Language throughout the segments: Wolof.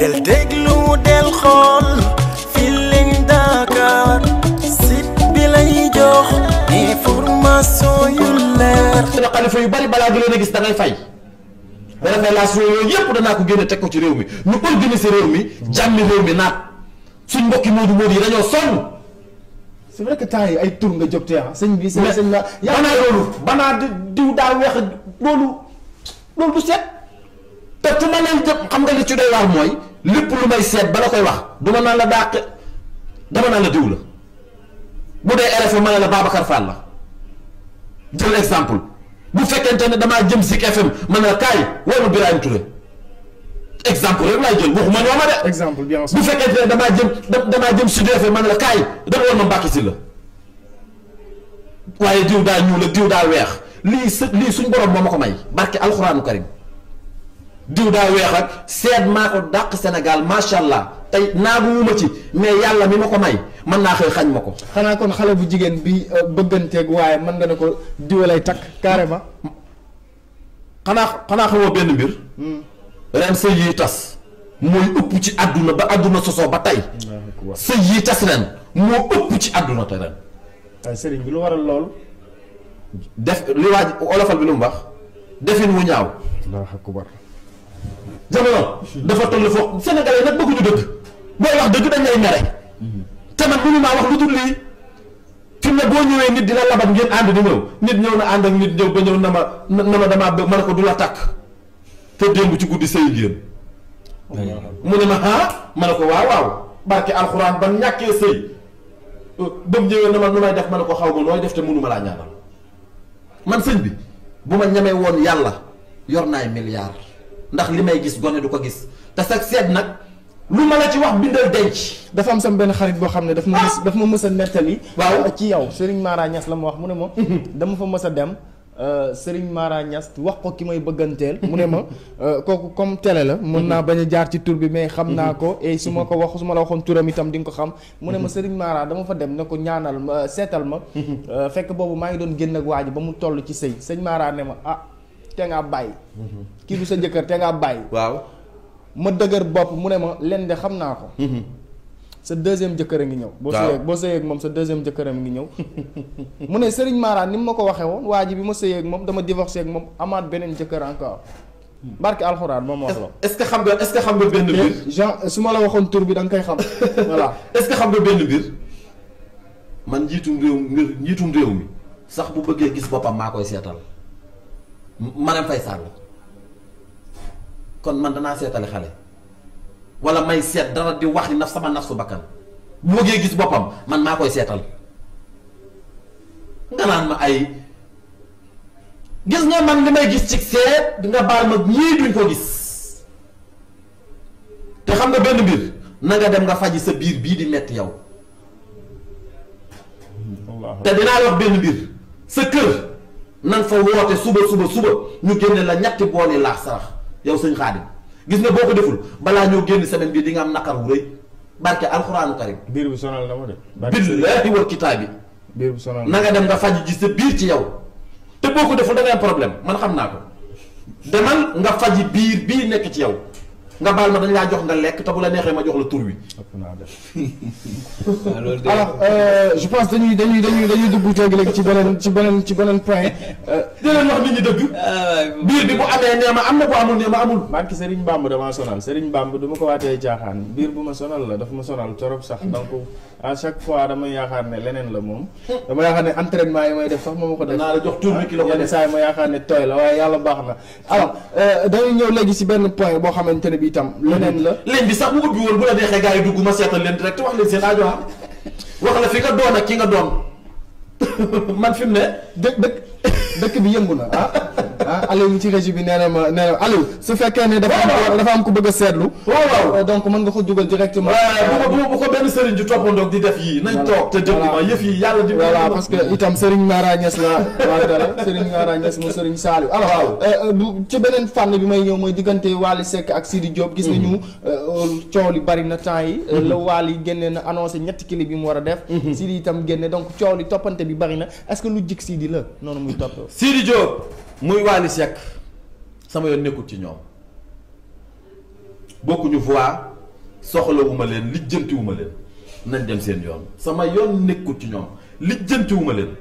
del déglu del xool Feeling Dakar site bi lay jox information yu leer. dina xalifa yu bari balaa nga leen a gis da ngay fay révélation yooyu yëpp danaa ko génne teg ko ci réew mi ñu organiser réew mi jàmmi réew mi naat suñ mbokki Modou Modou yi dañoo sonn. c'est vrai que temps yi ay tur nga jotee ah. sëñ bi sëñ la. yaa banaa loolu banaa diw daa weex loolu loolu du set. te fu ma lay jëm xam nga li ci doy waar mooy lépp lu may seet ba la koy wax du naa la dàq dama naa la diw la bu dee RFM ma ne la Babacar Fall la jël exemple bu fekkente ne damaa jëm Zik FM ma ne la kaay woo ma Birahim Touré exemple rek laay jël waxuma ñoo ma exemple bien sûr bu fekkente ne damaa jëm damaa jëm Sud FM ma ne la kaay dama woon ma Mbacke si la waaye diw daa ñuul ak diw daal weex lii sa lii suñ borom moom a ko may barke alxuraanu karim. diw daa weex ak seet maa ko dàq Sénégal macha allah tey naagu wuma ci mais yàlla mi ma ko may mën naa xëy xañ ma ko. xanaa kon xale bu jigéen bi euh, bëgganteeg waaye man nga ne ko diw lay takk carrément. xanaa xanaa xamoo benn mbir. Hmm. ren sëy yiy tas. mooy ëpp ci àdduna ba àdduna sosoo ba tey. sëy yiy tas ren moo ëpp ci àdduna te ren. waaye sëriñ bi lu waral loolu. def li waaj olofal bi lu mu baax. defin wu ñaaw. jamono dafa toll foofu sénégalais nag bëgguñu dëgg booy wax dëgg dañ lay mere te man mënu maa wax lu dul lii fi ne boo ñëwee nit dina labat ngeen ànd di ñëw nit ñëw na ànd ak nit ñëw ba ñëw na ma na ma damaa bëgg ma ne ko du la takk te démb ci guddi sëy ngeen mu ne ma ah man ne ko waaw waaw barke alxuraan ban ñàkkee sëy ba mu ñëwee na ma nu may def ma ne ko xaw ma nooy def te mënu laa ñaanal man sëñ bi bu ma ñamee woon yàlla yor naay milliard ndax li may gis gone du ko gis te sax seet nag lu ma la ci wax bindal denc. dafa am sama benn xarit boo xam ne daf ma mës ah! daf ma mës a nettali. waaw ci yow sëriñ Mara Niass la ma wax mu ne ma. Mhm. dama fa mës a dem. Euh, sëriñ Mara Niass wax ko ki may bëgganteel. mu ne ma euh, kooku comme télé la. mën naa mhm. bañ a jaar ci tur bi mais xam naa mhm. ko. su ma ko wax ma la waxoon turam itam di nga ko xam. mu ne ma Sëriñ Mara fa dem ne ko ñaanal ma seetal ma. Euh, fekk boobu maa ngi doon génn ak waa ji ba mu toll ci sëy sëñ Mara ne ma ah. te ngaa bàyyi. kii du sa jëkkër te ngaa bàyyi. waaw ma dëgër bopp mu ne ma len de xam naa ko. Mhm. sa deuxième jëkkër a ngi ñëw. boo sëyeeg boo sëyeeg moom sa deuxième jëkkër a ngi ñëw. mu ne Serigne Mara ni mu ma ko waxee woon waa ji bi ma sëyeeg moom dama divorcé ak moom amaat beneen jëkkër encore. barke alxuraan moom wax la. est ce que xam nga est ce que xam nga benn mbir. Jean su ma la waxoon tur bi da nga koy xam voilà. est ce que xam nga benn mbir man njiitum réew mi réew mi sax bu bëggee gis boppam maa koy seetal. Marème Faye Sall kon man danaa seetale xale wala may seet dara di wax li sama naf su bakkan bu bëggee gis boppam man maa koy seetal nga naan ma ay gis nga man li may gis ci seet nga baal ma ñii duñ ko gis te xam nga benn mbir na dem nga faj sa biir bii di metti yow te dinaa wax benn mbir sa kër nan fa woote suba suba suba ñu génne la ñetti yi laax sarax yow sëñ xaadim gis nga boo ko deful balaa ñoo génn semaine bi di nga am naqar wu rëy barke alxuraanu karim. biir bu sonal la ma de. billaahi wal kitaabi. biir bu sonal na nga dem nga faj ji sa biir ci yow. te boo ko deful da am problème man a xam naa ko demal nga faji biir bii nekk ci yow. nga baal ma dañ laa jox nga lekk te bu la neexee ma jox la tur wi. Ah, alors euh, je pense dañuy dañuy dañuy dañuy dugg teg léegi ci beneen ci beneen ci beneen point. Euh, di leen wax nit ah, biir bi bu amee nee ma am na bu amul nee ma amul. barki Serigne Bamb damaa sonal Serigne Bamb du ma ko waatee jaaxaan biir bu ma sonal la daf ma sonal torop sax ko à chaque fois damay yaakaar ne leneen la moom. dama yaakaar ne entraînement yi may def sax moom ma ko def. naa la jox tur bi ki la ko def saa yi ma yaakaar ne tooy la waaye yàlla baax na. alors euh, dañuy ñëw léegi si benn point boo xamante ne bi itam. leneen la leen bi sax bu ubbi woon bu la neexee gars yi dugg ma seetal leen direct wax leen seen aajo am wax la fi nga doon ak ki nga doon man fi mu ne dë dëkk dëkk bi yëngu na ah. ah Aliou mi ci régie bi nee na ma nee na su fekkee ne. dafa dafa am ko bëgg a seetlu. waaw euh, donc mën nga ko dugal directement. waaw bu ko bu ko benn sëriñ di def yii nañ toog te déglu ma yàlla di. parce que itam sëriñ Mara Niass la waaw dara sëriñ Mara Niass mu sëriñ Saliou. alors euh, euh, ci beneen fànn bi may ñëw mooy diggante Wally Seck ak Sidi Diop. gis nañu mhm. coow bari na temps yi. Mhm. la Wally génne na annoncé ñetti clip yi mu war a def. Mhm. Sidi itam génne donc coow li toppante bi bari na est-ce que lu jik Sidi la noonu muy topp Sidi Diop muy Wally Seck sama yoon nekkul ci ñoom bokkuñu voix soxlawuma leen lijjantiwuma leen nañ dem seen yoon sama yoon nekkul ci ñoom lijjantiwuma leen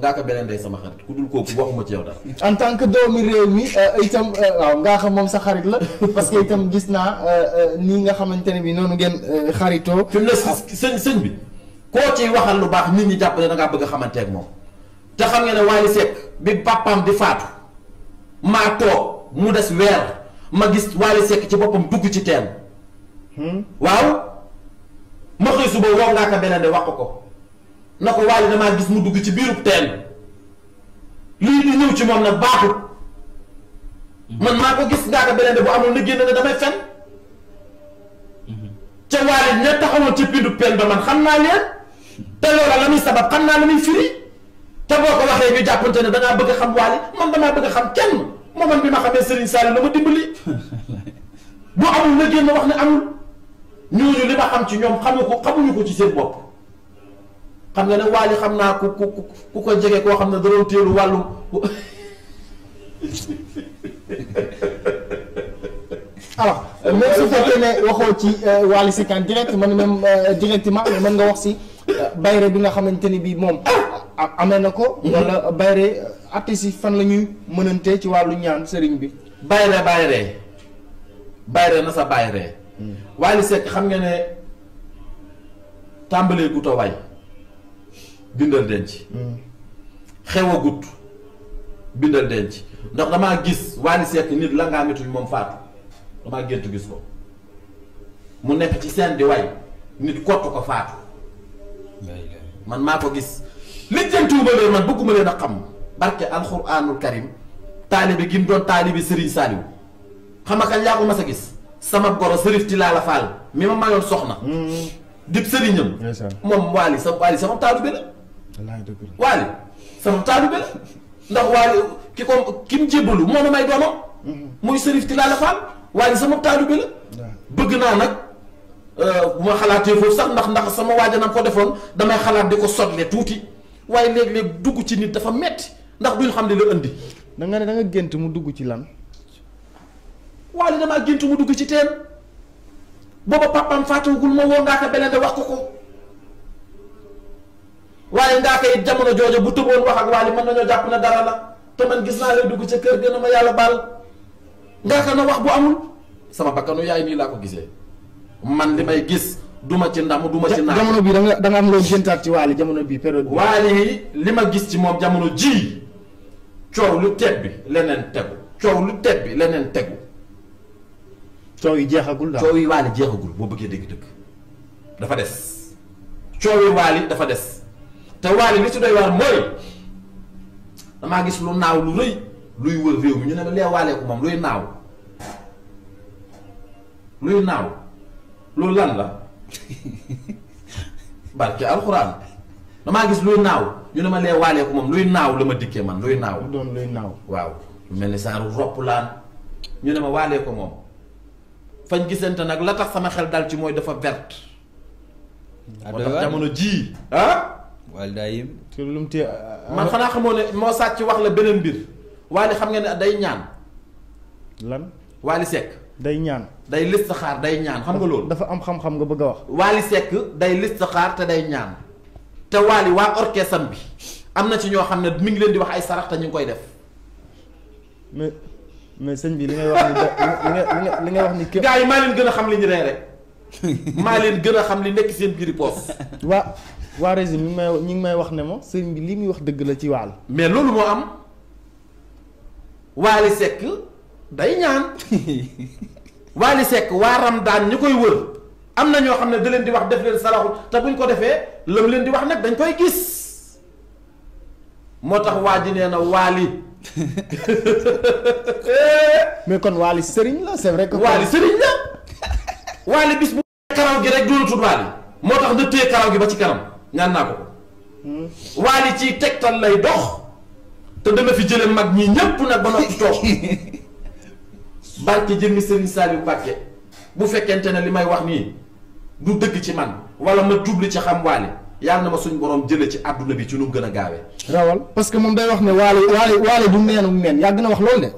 ngaa ko beneen day sama xarit ku dul kooku waxuma ci yow dara. en tant que doomi réew mi euh, itam euh, waaw ngaa xam moom sa xarit la parce que itam gis naa euh, nii nga xamante ne bi noonu ngeen xaritoo. fi mu ne sëñ sëñ bi koo ciy waxal lu baax nit ñi jàpp ne da bëgg a xamanteeg moom. te xam nga ne Wally Seck bi papaam di faatu maa toog mu des weer ma gis Wally Seck ci boppam dugg ci teen hmm? waaw ma xëy suba woo ngaa ko beneen de wax ko na ko Wally damaa gis mu dugg ci biirub teen lii di ñëw ci moom nag baaxut hmm. man maa ko gis ngaa ko beneen de bu amul na génn ne damay fen hmm. ca Wally ña taxawoon ci pindu pen ba man xam naa leen te loola la muy sabab xam naa la muy firi te boo ko waxee ñu jàppante ne da bëgg a xam waali man damaa bëgg xam kenn mooman bi ma xamee Serigne Saliou la ma dimbali bu amul na génn wax ne amul ñooñu li ma xam ci ñoom xamu ko xamuñu ko ci seen bopp xam nga ne xam naa ku ku ku ko jege koo xam ne da doon téelu wàllum alors même su fekkee ne waxoo ci euh, Wally Seck en direct man même euh, directement mën nga wax si euh, bayre bi nga xamante ni bii moom ah! amee na na ko. wala bayre artistes yi fan la ñuy mënante ci wàllu ñaan sëriñ bi. bayre bayre bayre na sa bayre hmm. Wally Seck xam nga ne tàmbalee gut a way bindal denc. Hmm. xew a gut bindal denc ndax damaa gis Wally Seck nit la ngaa métul moom faatu damaa gént gis ko mu nekk ci seen di way nit kottu ko faatu. man maa ko gis lijjantiwuma leen man bëgguma leen a xam barke alxuraanul karim taalibe gi mu doon taalibe Serigne Saliou xam nga kañ yaa ko mas gis sama goro Serif ti laa la faal mi ma mayoon soxna. Mm-hmm. dib sëriñam. moom Waly sa Waly sama taalibe la. sama taalibe la ndax Waly ki ko ki mu jébbalu moo na may mm-hmm. muy Serif ti laa la sama taalibe la. bëgg naa nag euh, bu ma xalaatee foofu sax ndax ndax sama waajanam ko defoon damay xalaat di ko sotle tuuti. waaye léeg-léeg dugg ci nit dafa metti ndax duñ xam ne la indi. danga ne danga gént mu dugg ci lan. waaye li damaa gént mu dugg ci teen booba papaam faatuwagul ma woo Ngaaka Blindé wax ko ko waaye Ngaaka it jamono jooju bu tëboon wax ak Wally mën nañoo jàpp na dara la te man gis naa lay dugg ca kër gën a ma yàlla baal Ngaaka na wax bu amul sama bakkanu yaay nii laa ko gisee man li may gis. duma ci ndam duma ci naan jamono bii danga nga am loo jëntaat ci waale jamono bi période bi. waale li ma gis ci moom jamono ji coow lu teb bi leneen tegu coow lu teb bi leneen tegu. coow yi jeexagul daal coow yi waale jeexagul boo bëggee dégg dëgg dafa des. coow yi waale dafa des te waale li ci doy waar mooy damaa gis lu naaw lu rëy luy wër réew mi ñu ne ma lee waalee ko moom luy naaw luy naaw loolu lan la. barke alxuraan damaa gis luy naaw ñu ne ma lee waaleeku moom luy naaw la ma dikkee man luy naaw. lu doon luy naaw. waaw lu mel ni saaru ropp laan ñu ne ma waalee ko moom fañ gisante nag la tax sama xel dal ci mooy dafa vert ah, moo tax jamono jii ah? ah? waal daa yim. te man xanaa xamoo ne moo sàcc wax la beneen mbir waali xam nga ne day ñaan. lan waali sekk. day ñaan day listixaar day ñaan xam nga loolu. dafa am xam-xam nga bëgg a wax. Waly sekk day listixaar te day ñaan te Waly waa orchestre bi am na ci ñoo xam ne mi ngi leen di wax ay sarax te ñu ngi koy def. mais mais sëñ bi li ngay wax ni li ngay wax ni. képp gars yi maa leen gën a xam li ñu ree rek maa leen gën a xam li nekk seen biir poos. waa waa régime mi ngi may ñi ngi may wax ne ma sëñ bi lii muy wax dëgg la ci waal. mais loolu moo am Waly Seck. day ñaan Wally Seck waa Ramdaan ñi koy wër am na ñoo xam ne daleen di wax def leen saraxul te buñ ko defee lam leen di wax nag dañ koy gis moo tax waa ji nee na Wally mais kon Wally sëriñ la c'est vrai que. Wally sëriñ bis bu karaw gi rek doonatul Wally moo tax na téye karaw gi ba ci kanam ñaan naa ko ko hmm. Wally ci tegtal lay dox te dama fi jële mag ñi ñépp nag ba noppi toog barke jëmmi Serigne yu Mbacké bu fekkente ne li may wax nii du dëgg ci man wala ma jubli ci xam waale yàlla na ma suñ borom jële ci àdduna bi ci lu gën a gaawee. rawal parce que moom day wax ne waale waale waale du neenu neen yàgg na wax loolu de.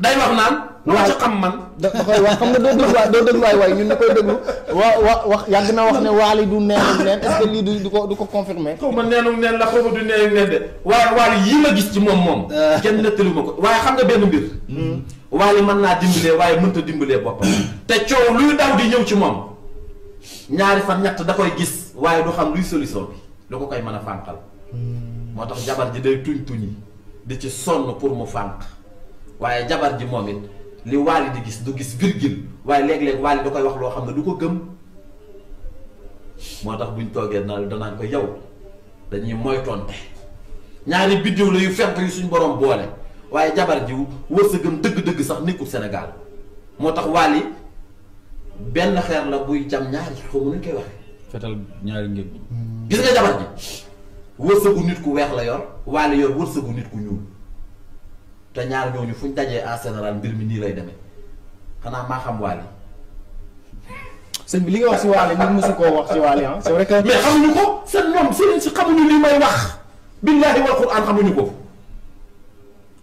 day wax naan. waaw ci xam man. da koy wax xam nga doo déglu waay doo déglu waay waay ñun ñu koy déglu. wa wa wax yàgg na wax ne waali du neenum neen du ko confirmé. xaw ma neenum neen la xaw ma du neenum neen de waaye waali yii ma gis ci moom moom. Ah. kenn nettali ma ko waaye xam nga benn mbir. Hmm. waali mën naa dimbalee waaye mënta dimbalee boppam. te coow luy daw di ñëw ci moom ñaari fan ñett da koy gis waaye du xam luy solution bi lu ko koy mën a fànqal. Hmm. moo tax jabar ji day tuñ tuñi di ci sonn pour mu fànq. waaye jabar ji moom it li waali di gis du gis virgule waaye léeg-léeg waali da koy wax loo xam ne du ko gëm moo tax buñ toogee naan danaan ko yow dañuy moytonte ñaari biddiw la yu fenk yu suñ borom boole waaye jabar ji wërsëgam dëgg-dëgg sax nekkul Sénégal moo tax waali benn xeer la buy jam ñaari koy waxee. fetal ñaari ngéb. gis nga jabar ji wërsëgu nit ku weex la yor waali yor wërsëgu nit ku ñuul. te ñaar ñooñu fuñ dajee en général mbir mi nii lay demee xanaa maa xam waali. sëñ bi li nga wax si waali ñun mosu koo wax ci waali ah c'est vrai que. mais ko seen ñoom sëriñ si xamuñu li may wax. billaahi wal quraan xamuñu ko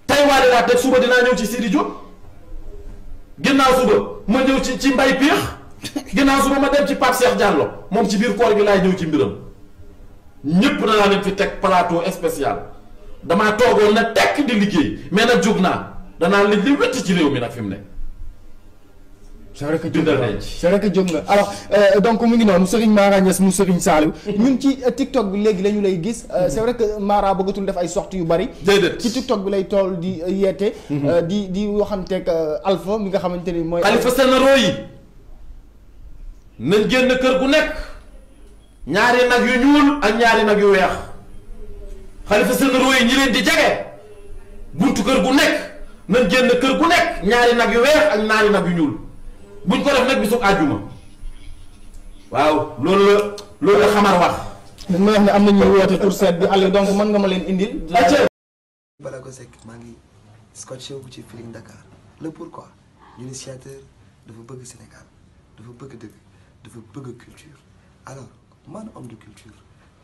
tey waali laa teg suba dinaa ñëw ci Sidi Diop naa suba ma ñëw ci ci mbay gën ginnaaw suba ma dem ci Pape Cheikh Diallo moom ci biir kool gi laay ñëw ci mbiram ñëpp danaa leen fi teg plateau spécial. damaa toogoon na tekk di liggéey mais nag jóg naa danaa li wétt ci réew mi nag fi mu ne. c'est vrai que jóg na c'est vrai que jóg nga alors euh, donc mu ngi noonu Serigne Mara Niass mu Serigne Saliou ñun ci euh, TikTok bi léegi la lay gis euh, c'est vrai que Mara bëggatul def ay sorties yu bari déedéet ci TikTok bi lay tool di euh, yeete mm-hmm. di di waxanteeg Alpha mi nga xamante ni mooy xalifa sénéraux yi nañ génn kër gu nekk ñaari nag yu ñuul ak ñaari nag yu weex xalifa généraux yi ñi leen di jege buntu kër gu nekk nañ génn kër gu nekk ñaari nag yu weer ak ñaari nag yu ñuul buñ ko def nag bisu àjjuma waaw loolu la loolu la wax. dañ ma wax ne am na ñuy woote pour seet bi Aliou donc mën nga ma leen indi indil. bala ko sekk maa ngi scotché wu ci Feeling Dakar le pourquoi l'initiateur dafa bëgg Sénégal dafa bëgg dëgg dafa bëgg culture alors man homme de culture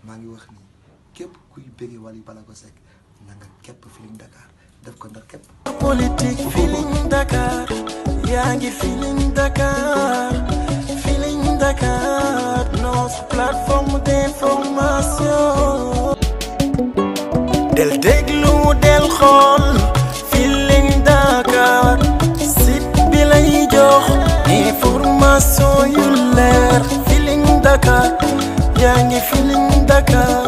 maa ngi wax nii. képp kuy bëggee Wally Ballago Seck na nga képp Feeling Dakar def ko ndax képp. politique Feeling Dakar yaa ngi Feeling Dakar Feeling Dakar notre plateforme d'information. del déglu del xool Feeling Dakar site bi lay jox information yu leer Feeling Dakar yaa ngi Feeling Dakar.